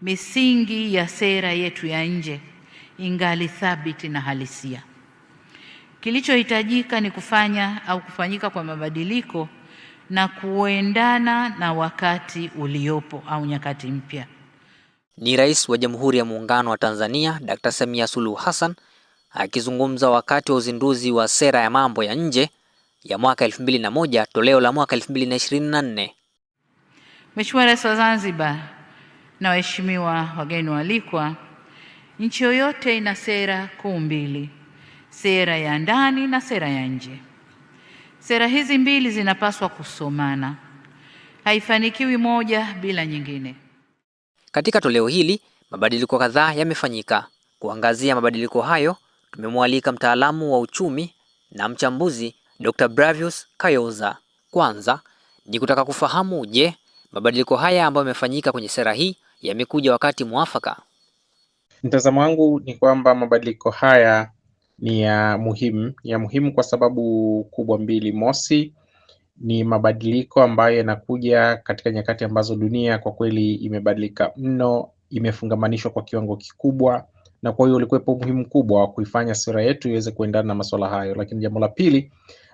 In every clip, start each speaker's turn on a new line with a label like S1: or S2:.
S1: Misingi ya sera yetu ya nje ingali thabiti na halisia. Kilichohitajika ni kufanya au kufanyika kwa mabadiliko na kuendana na wakati uliopo au nyakati mpya.
S2: Ni Rais wa Jamhuri ya Muungano wa Tanzania Dr. Samia Suluhu Hassan akizungumza wakati wa uzinduzi wa sera ya mambo ya nje ya mwaka 2001 toleo la mwaka 2024.
S1: Mheshimiwa Rais wa Zanzibar na waheshimiwa wageni waalikwa, nchi yoyote ina sera kuu mbili, sera ya ndani na sera ya nje. Sera hizi mbili zinapaswa kusomana, haifanikiwi moja bila nyingine.
S2: Katika toleo hili mabadiliko kadhaa yamefanyika. Kuangazia mabadiliko hayo, tumemwalika mtaalamu wa uchumi na mchambuzi Dr. Bravius Kayoza. Kwanza ni kutaka kufahamu, je, mabadiliko haya ambayo yamefanyika kwenye sera hii yamekuja wakati mwafaka?
S3: Mtazamo wangu ni kwamba mabadiliko haya ni ya muhimu, ni ya muhimu kwa sababu kubwa mbili. Mosi, ni mabadiliko ambayo yanakuja katika nyakati ambazo dunia kwa kweli imebadilika mno, imefungamanishwa kwa kiwango kikubwa, na kwa hiyo ulikuwepo umuhimu kubwa wa kuifanya sera yetu iweze kuendana na masuala hayo. Lakini jambo la pili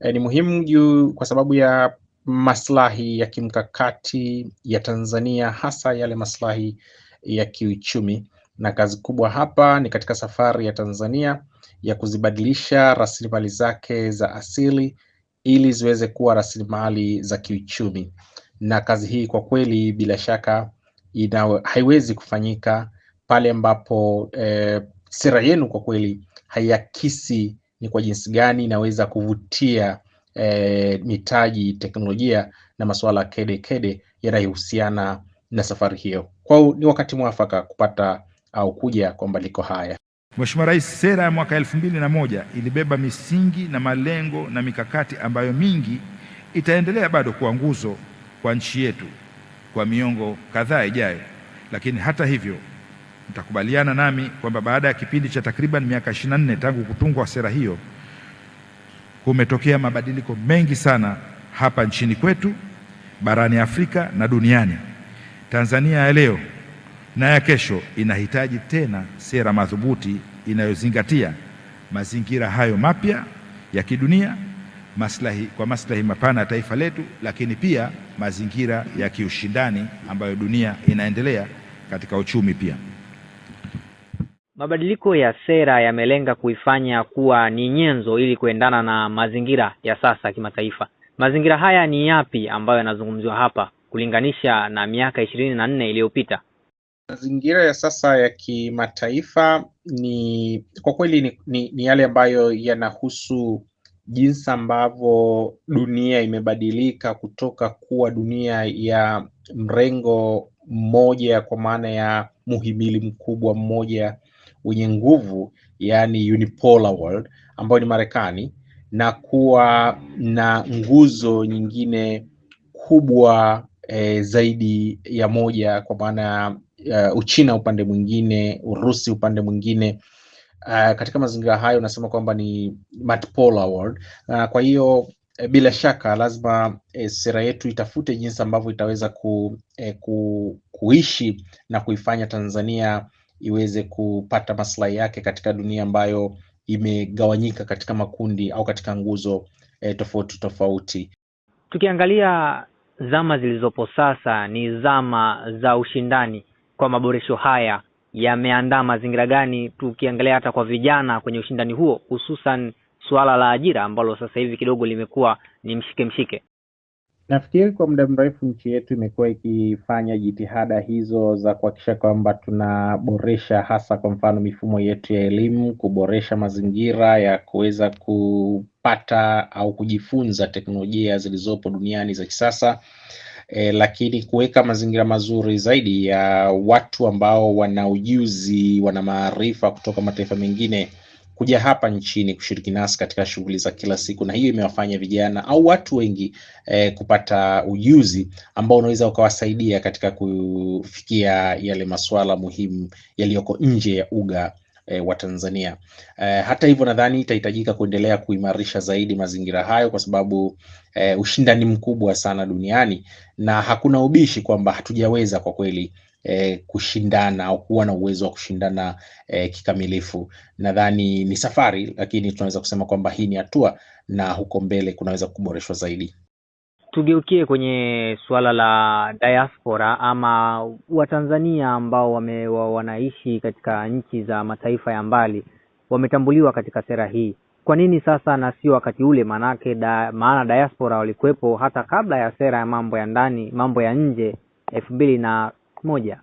S3: eh, ni muhimu juu kwa sababu ya maslahi ya kimkakati ya Tanzania, hasa yale maslahi ya kiuchumi, na kazi kubwa hapa ni katika safari ya Tanzania ya kuzibadilisha rasilimali zake za asili ili ziweze kuwa rasilimali za kiuchumi. Na kazi hii kwa kweli, bila shaka, ina haiwezi kufanyika pale ambapo eh, sera yenu kwa kweli haiakisi ni kwa jinsi gani inaweza kuvutia e, mitaji, teknolojia na masuala kede kede yanayohusiana na safari hiyo. Kwao ni wakati mwafaka kupata au kuja kwa mabadiliko haya.
S4: Mheshimiwa Rais, sera ya mwaka elfu mbili na moja ilibeba misingi na malengo na mikakati ambayo mingi itaendelea bado kuwa nguzo kwa nchi yetu kwa miongo kadhaa ijayo. Lakini hata hivyo, mtakubaliana nami kwamba baada ya kipindi cha takriban miaka 24 tangu kutungwa sera hiyo kumetokea mabadiliko mengi sana hapa nchini kwetu, barani Afrika na duniani. Tanzania ya leo na ya kesho inahitaji tena sera madhubuti inayozingatia mazingira hayo mapya ya kidunia maslahi, kwa maslahi mapana ya taifa letu, lakini pia mazingira ya kiushindani ambayo dunia inaendelea katika uchumi pia.
S2: Mabadiliko ya sera yamelenga kuifanya kuwa ni nyenzo ili kuendana na mazingira ya sasa kimataifa. Mazingira haya ni yapi ambayo yanazungumziwa hapa kulinganisha na miaka ishirini na nne iliyopita?
S3: Mazingira ya sasa ya kimataifa ni kwa kweli ni, ni, ni yale ambayo yanahusu jinsi ambavyo dunia imebadilika kutoka kuwa dunia ya mrengo mmoja kwa maana ya muhimili mkubwa mmoja wenye nguvu yani unipolar world ambayo ni Marekani na kuwa na nguzo nyingine kubwa e, zaidi ya moja kwa maana ya uh, Uchina upande mwingine, Urusi upande mwingine. Uh, katika mazingira hayo unasema kwamba ni multipolar world. Uh, kwa hiyo e, bila shaka lazima e, sera yetu itafute jinsi ambavyo itaweza ku, e, ku, kuishi na kuifanya Tanzania iweze kupata maslahi yake katika dunia ambayo imegawanyika katika makundi au katika nguzo eh, tofauti tofauti.
S2: Tukiangalia zama zilizopo sasa, ni zama za ushindani kwa maboresho haya yameandaa mazingira gani, tukiangalia hata kwa vijana kwenye ushindani huo, hususan suala la ajira ambalo sasa hivi kidogo limekuwa ni mshike mshike.
S3: Nafikiri kwa muda mrefu nchi yetu imekuwa ikifanya jitihada hizo za kuhakikisha kwamba tunaboresha hasa kwa mfano mifumo yetu ya elimu, kuboresha mazingira ya kuweza kupata au kujifunza teknolojia zilizopo duniani za kisasa. E, lakini kuweka mazingira mazuri zaidi ya watu ambao wana ujuzi, wana maarifa kutoka mataifa mengine kuja hapa nchini kushiriki nasi katika shughuli za kila siku, na hiyo imewafanya vijana au watu wengi eh, kupata ujuzi ambao unaweza ukawasaidia katika kufikia yale masuala muhimu yaliyoko nje ya uga eh, wa Tanzania. Eh, hata hivyo nadhani itahitajika kuendelea kuimarisha zaidi mazingira hayo kwa sababu eh, ushindani mkubwa sana duniani na hakuna ubishi kwamba hatujaweza kwa kweli eh, kushindana au kuwa na uwezo wa kushindana eh, kikamilifu. Nadhani ni safari, lakini tunaweza kusema kwamba hii ni hatua na huko mbele kunaweza kuboreshwa zaidi.
S2: Tugeukie kwenye suala la diaspora ama Watanzania ambao wame, wa, wanaishi katika nchi za mataifa ya mbali wametambuliwa katika sera hii. Kwa nini sasa na sio wakati ule? Maanake da, maana diaspora walikuwepo hata kabla ya sera ya mambo ya ndani, mambo ya nje elfu mbili na moja.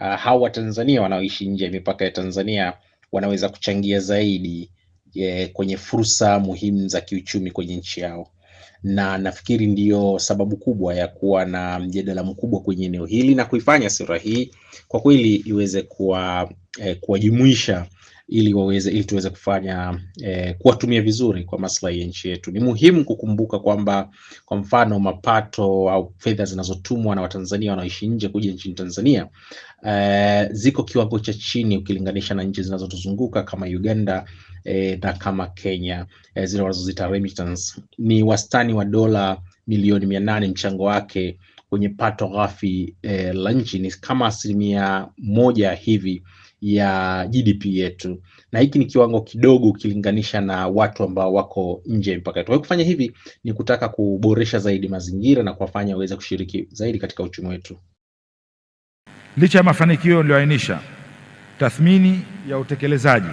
S3: Uh, hawa Watanzania wanaoishi nje ya mipaka ya Tanzania wanaweza kuchangia zaidi ye, kwenye fursa muhimu za kiuchumi kwenye nchi yao, na nafikiri ndiyo sababu kubwa ya kuwa na mjadala mkubwa kwenye eneo hili na kuifanya sura hii kwa kweli iweze kuwa eh, kuwajumuisha ili waweze ili tuweze kufanya eh, kuwatumia vizuri kwa maslahi ya nchi yetu. Ni muhimu kukumbuka kwamba kwa mfano mapato au fedha zinazotumwa na Watanzania wanaoishi nje kuja nchini Tanzania eh, ziko kiwango cha chini ukilinganisha na nchi zinazotuzunguka kama Uganda eh, na kama Kenya eh, zile wanazoziita remittance. Ni wastani wa dola milioni mia nane mchango wake kwenye pato ghafi eh, la nchi ni kama asilimia moja hivi ya GDP yetu, na hiki ni kiwango kidogo ukilinganisha na watu ambao wako nje ya mipaka yetu. Kufanya hivi ni kutaka kuboresha zaidi mazingira na kuwafanya waweze kushiriki zaidi katika uchumi wetu.
S4: Licha ya mafanikio yaliyoainisha, tathmini ya utekelezaji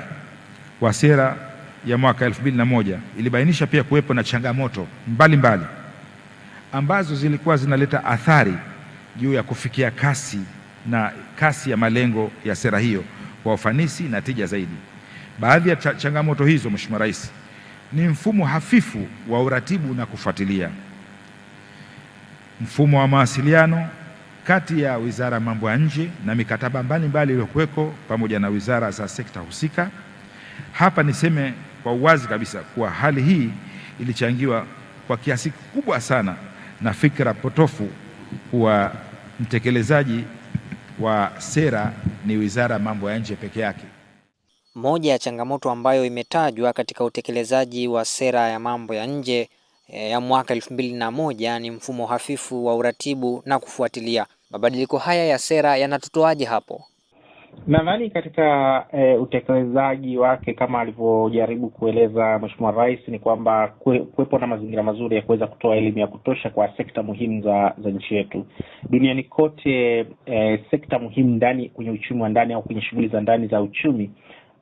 S4: wa sera ya mwaka elfu na moja ilibainisha pia kuwepo na changamoto mbalimbali mbali ambazo zilikuwa zinaleta athari juu ya kufikia kasi na kasi ya malengo ya sera hiyo kwa ufanisi na tija zaidi. Baadhi ya ch changamoto hizo, Mheshimiwa Rais, ni mfumo hafifu wa uratibu na kufuatilia, mfumo wa mawasiliano kati ya Wizara ya Mambo ya Nje na mikataba mbalimbali iliyokuweko pamoja na wizara za sekta husika. Hapa niseme kwa uwazi kabisa kuwa hali hii ilichangiwa kwa kiasi kikubwa sana na fikra potofu kuwa mtekelezaji wa sera ni wizara ya mambo ya nje peke yake.
S2: Moja ya changamoto ambayo imetajwa katika utekelezaji wa sera ya mambo ya nje eh, ya mwaka elfu mbili na moja ni mfumo hafifu wa uratibu na kufuatilia. Mabadiliko haya ya sera yanatotoaje hapo?
S3: Nadhani katika e, utekelezaji wake kama alivyojaribu kueleza Mheshimiwa Rais ni kwamba kuwepo na mazingira mazuri ya kuweza kutoa elimu ya kutosha kwa sekta muhimu za za nchi yetu. Duniani kote e, sekta muhimu ndani kwenye uchumi wa ndani au kwenye shughuli za ndani za uchumi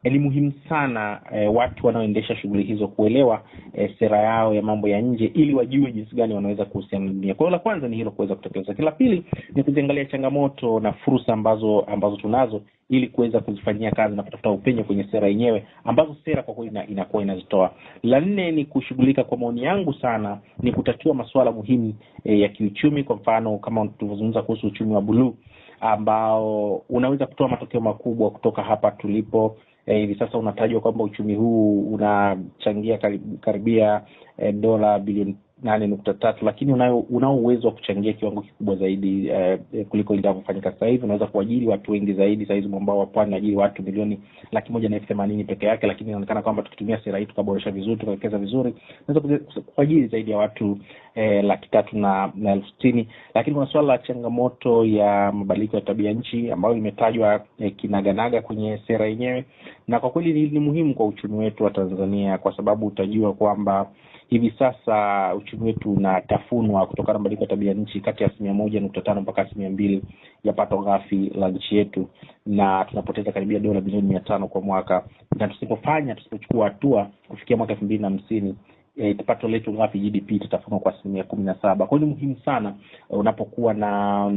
S3: Eh, ni muhimu sana e, watu wanaoendesha shughuli hizo kuelewa e, sera yao ya mambo ya nje ili wajue jinsi gani wanaweza kuhusiana na dunia. Kwa hiyo la kwanza ni hilo kuweza kutekeleza, lakini la pili ni kuziangalia changamoto na fursa ambazo ambazo tunazo ili kuweza kuzifanyia kazi na kutafuta upenyo kwenye sera yenyewe ambazo sera kwa kweli inakuwa inazitoa. La nne ni kushughulika, kwa maoni yangu sana, ni kutatua masuala muhimu e, ya kiuchumi. Kwa mfano kama tulivyozungumza kuhusu uchumi wa buluu ambao unaweza kutoa matokeo makubwa kutoka hapa tulipo hivi eh, hivi sasa unatajwa kwamba uchumi huu unachangia karibia e, dola bilioni nane nukta tatu lakini unao uwezo wa kuchangia kiwango kikubwa zaidi eh, kuliko inavyofanyika sasa hivi. Unaweza kuajiri watu wengi zaidi. Sasa hivi mwambao wa pwani naajiri watu milioni laki moja na elfu themanini peke yake, lakini inaonekana kwamba tukitumia sera hii tukaboresha vizuri, tukawekeza vizuri, unaweza kuajiri zaidi ya watu eh, laki tatu na, na elfu sitini lakini kuna suala la changamoto ya mabadiliko ya tabia nchi ambayo imetajwa eh, kinaganaga kwenye sera yenyewe, na kwa kweli ni, ni muhimu kwa uchumi wetu wa Tanzania kwa sababu utajua kwamba hivi sasa uchumi wetu unatafunwa kutokana na mabadiliko ya tabia nchi kati ya asilimia moja nukta tano mpaka asilimia mbili ya pato ghafi la nchi yetu na tunapoteza karibia dola bilioni mia tano kwa mwaka na tusipofanya tusipochukua hatua kufikia mwaka elfu mbili na hamsini E, letu ghafi GDP tutafunga kwa asilimia kumi na saba. Kwa hiyo ni muhimu sana eh, unapokuwa na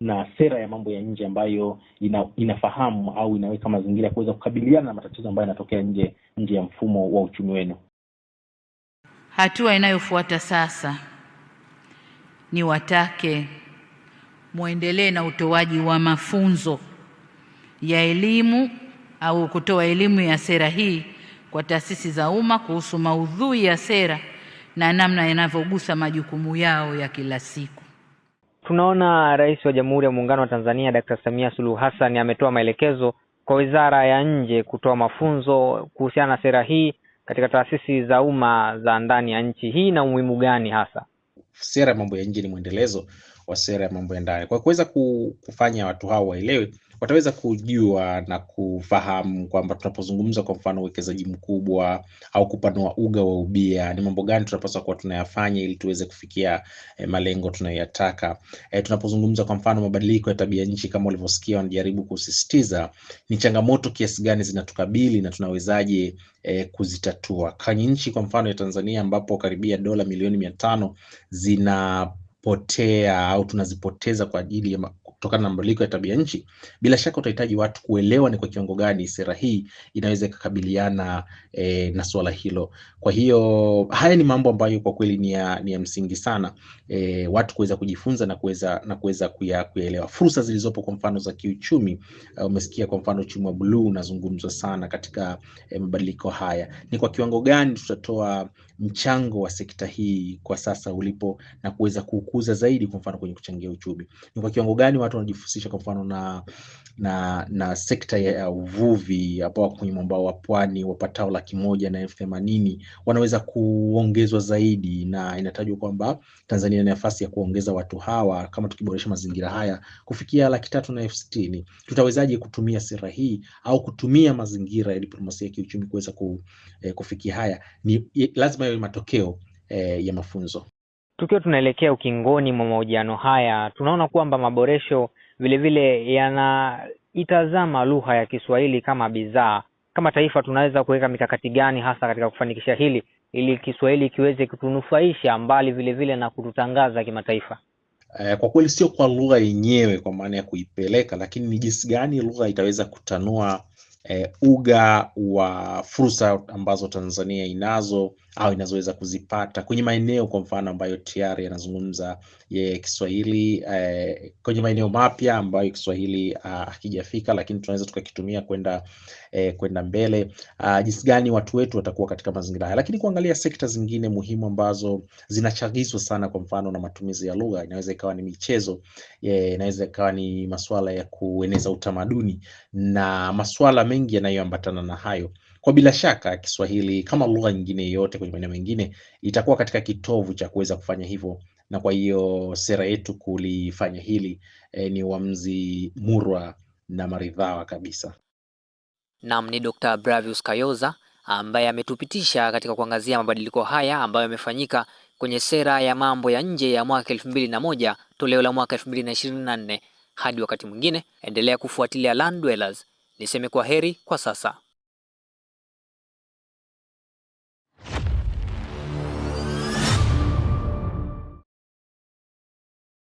S3: na sera ya mambo ya nje ambayo ina, inafahamu au inaweka mazingira ya kuweza kukabiliana na matatizo ambayo yanatokea nje nje ya mfumo wa uchumi wenu.
S1: Hatua inayofuata sasa ni watake mwendelee na utoaji wa mafunzo ya elimu au kutoa elimu ya sera hii kwa taasisi za umma kuhusu maudhui ya sera na namna yanavyogusa majukumu yao ya kila siku.
S2: Tunaona Rais wa Jamhuri ya Muungano wa Tanzania Dkt. Samia Suluhu Hassan ametoa maelekezo kwa Wizara ya Nje kutoa mafunzo kuhusiana na sera hii katika taasisi za umma za ndani ya nchi hii na umuhimu gani hasa?
S3: Sera ya mambo ya nje ni mwendelezo wa sera ya mambo ya ndani, kwa kuweza kufanya watu hao waelewe wataweza kujua na kufahamu kwamba tunapozungumza kwa mfano uwekezaji mkubwa au kupanua uga wa ubia, ni mambo gani tunapaswa kuwa tunayafanya ili tuweze kufikia eh, malengo tunayoyataka. Eh, tunapozungumza kwa mfano mabadiliko ya tabia nchi, kama ulivyosikia, wanajaribu kusisitiza ni changamoto kiasi gani zinatukabili na tunawezaje eh, kuzitatua. Kwenye nchi kwa mfano ya Tanzania ambapo karibia dola milioni mia tano zina potea au tunazipoteza kwa ajili ya kutokana na mabadiliko ya tabia nchi, bila shaka utahitaji watu kuelewa ni kwa kiwango gani sera hii inaweza ikakabiliana e, na suala hilo. Kwa hiyo haya ni mambo ambayo kwa kweli ni ya, ni ya msingi sana e, watu kuweza kujifunza na kuweza na kuweza kuyaelewa fursa zilizopo, kwa mfano za kiuchumi. Eh, umesikia kwa mfano uchumi wa bluu unazungumzwa sana katika e, mabadiliko haya. Ni kwa kiwango gani tutatoa mchango wa sekta hii kwa sasa ulipo na kuweza kuukuza zaidi, kwa mfano kwenye kuchangia uchumi? Ni kwa kiwango gani watu wanajihusisha kwa mfano na, na, na sekta ya uvuvi hapo kwenye mwambao wa pwani wapatao laki moja na elfu themanini wanaweza kuongezwa zaidi, na inatajwa kwamba Tanzania ina nafasi ya kuongeza watu hawa kama tukiboresha mazingira haya kufikia laki tatu na elfu sitini. Tutawezaje kutumia sera hii au kutumia mazingira ya diplomasia ya kiuchumi kuweza eh, kufikia haya? Ni eh, lazima yawe matokeo eh, ya mafunzo.
S2: Tukiwa tunaelekea ukingoni mwa mahojiano haya, tunaona kwamba maboresho vilevile yanaitazama lugha ya Kiswahili kama bidhaa. Kama taifa, tunaweza kuweka mikakati gani hasa katika kufanikisha hili ili Kiswahili kiweze kutunufaisha mbali vilevile na kututangaza kimataifa?
S3: Eh, kwa kweli sio kwa lugha yenyewe kwa maana ya kuipeleka, lakini ni jinsi gani lugha itaweza kutanua e, uga wa fursa ambazo Tanzania inazo au inazoweza kuzipata kwenye maeneo kwa mfano ambayo tayari yanazungumza ya Kiswahili eh, kwenye maeneo mapya ambayo Kiswahili ah, hakijafika ah, lakini tunaweza tukakitumia kwenda eh, kwenda mbele ah, jinsi gani watu wetu watakuwa katika mazingira haya, lakini kuangalia sekta zingine muhimu ambazo zinachagizwa sana kwa mfano na matumizi ya lugha, inaweza ikawa ni michezo eh, inaweza ikawa ni masuala ya kueneza utamaduni na masuala mengi yanayoambatana na hayo. Kwa bila shaka Kiswahili kama lugha nyingine yote kwenye maeneo mengine itakuwa katika kitovu cha kuweza kufanya hivyo, na kwa hiyo sera yetu kulifanya hili e, ni uamuzi murwa na maridhawa kabisa.
S2: Naam, ni Dr. Bravius Kayoza ambaye ametupitisha katika kuangazia mabadiliko haya ambayo yamefanyika kwenye sera ya mambo ya nje ya mwaka na moja toleo la mwaka na nne Hadi wakati mwingine, endelea kufuatilia Land Dwellers. Niseme kwa heri kwa sasa.